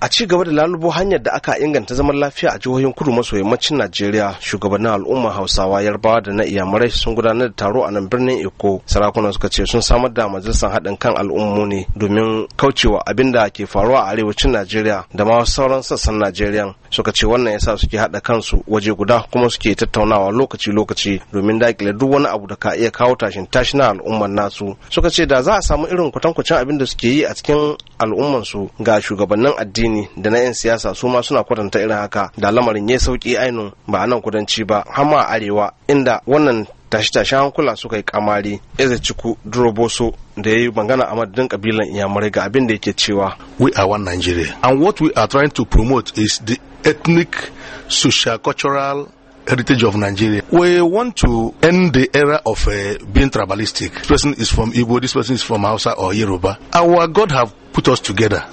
a ci gaba da lalubo hanyar da aka inganta zaman lafiya a jihohin kudu maso yammacin najeriya shugabannin al'umma hausawa yarbawa da na iyamurai sun gudanar da taro a nan birnin eko sarakunan suka ce sun samar da majalisar haɗin kan al'ummu ne domin kaucewa abin da ke faruwa a arewacin najeriya da ma sauran sassan najeriya suka ce wannan ya sa suke haɗa kansu waje guda kuma suke tattaunawa lokaci-lokaci domin dakile duk wani abu da ka iya kawo tashin tashi na al'ummar nasu suka ce da za a samu irin kwatankwacin abin da suke yi a cikin al'ummar su ga shugabannin addini da na 'yan siyasa su ma suna kwatanta irin haka da lamarin ya sauki ainun ba a nan kudanci ba har ma arewa inda wannan tashi-tashi hankula suka yi kamari eze ciku duroboso da ya yi magana a madadin kabilan iyamurai ga abin da yake cewa we are one nigeria and what we are trying to promote is the ethnic, social, cultural heritage of Nigeria. We want to end the era of uh, being tribalistic. This person is from Igbo, this person is from Hausa or Yoruba. Our God have put us together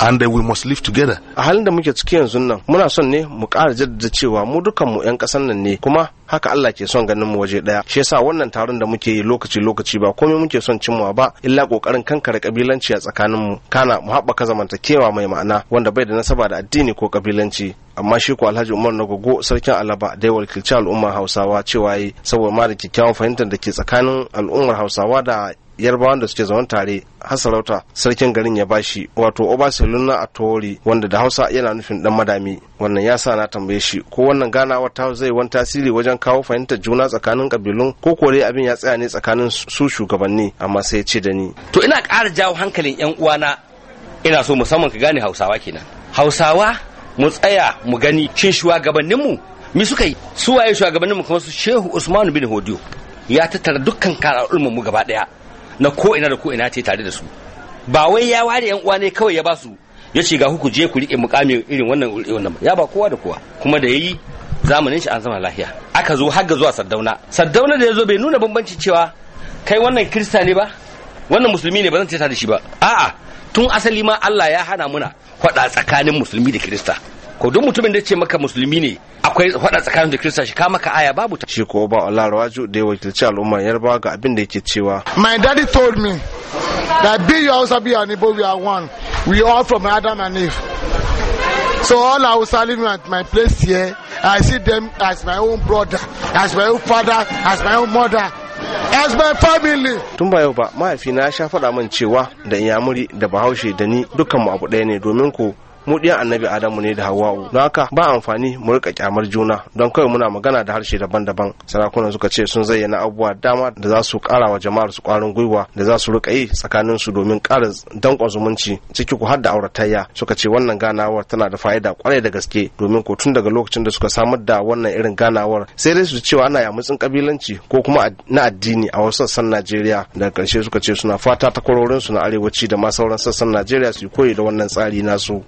and we must live together a halin da muke ciki yanzu nan muna son ne mu ƙara jaddada cewa mu dukan mu yan ƙasar nan ne kuma haka Allah ke son ganin mu waje daya shi yasa wannan taron da muke yi lokaci lokaci ba komai muke son cimma ba illa kokarin kankare kabilanci a tsakanin mu kana mu haɓaka zamantakewa mai ma'ana wanda bai da nasaba da addini ko kabilanci amma shi ko Alhaji Umar na gogo sarkin Alaba da ya wakilci al'ummar Hausawa cewa yi saboda ma da kyakkyawan fahimtar da ke tsakanin al'ummar Hausawa da yarbawan da suke zaman tare har sarauta sarkin garin ya bashi wato na atori wanda da hausa yana nufin dan madami wannan ya sa na tambaye shi ko wannan ganawa ta zai wani tasiri wajen kawo fahimtar juna tsakanin kabilun ko kore abin ya tsaya ne tsakanin su shugabanni amma sai ya ce da ni to ina ƙara jawo hankalin yan uwana ina so musamman ka gane hausawa kenan hausawa mu tsaya mu gani shin shugabanninmu mi suka yi su waye shugabanninmu kamar su shehu usman bin hodiyo ya tattara dukkan kara mu gaba daya na ko ina da ko ina ce tare da su ba wai ya ware yan uwa ne kawai ya ba su ya ce ga huku je ku rike mukamin irin wannan wannan ya ba kowa da kowa kuma da yayi zamanin shi an zama lafiya aka zo har ga zuwa sardauna sardauna da ya zo bai nuna bambanci cewa kai wannan kirista ne ba wannan musulmi ne ba zan ce ta da shi ba a'a tun asali ma Allah ya hana muna faɗa tsakanin musulmi da kirista ko duk mutumin da ce maka musulmi ne akwai faɗa tsakanin da kirista shi kama ka aya babu ta shi ko ba Allah rawaju da ya wakilci al'umma yarbawa ga abin da yake cewa my daddy told me that be your Hausa be your neighbor we are one we all from Adam and Eve so all our living at my place here I see them as my own brother as my own father as my own mother as my family. Tun ba yau ba mahaifina ya sha faɗa min cewa da Iyamuri da Bahaushe da ni dukkanmu abu ɗaya ne domin ko mu ɗiyan annabi adamu ne da hawa'u don haka ba amfani mu rika kyamar juna don kawai muna magana da harshe daban-daban sarakunan suka ce sun zayyana abubuwa dama da za su ƙara wa jama'ar su ƙwarin gwiwa da za su rika yi tsakanin su domin ƙara danƙon zumunci ciki ku har da auratayya suka ce wannan ganawar tana da fa'ida kwarai da gaske domin ko tun daga lokacin da suka samar da wannan irin ganawar sai dai su cewa ana yamutsin kabilanci ko kuma na addini a wasu sassan Najeriya daga karshe suka ce suna fata takwarorinsu na arewaci da ma sauran sassan Najeriya su koyi da wannan tsari nasu.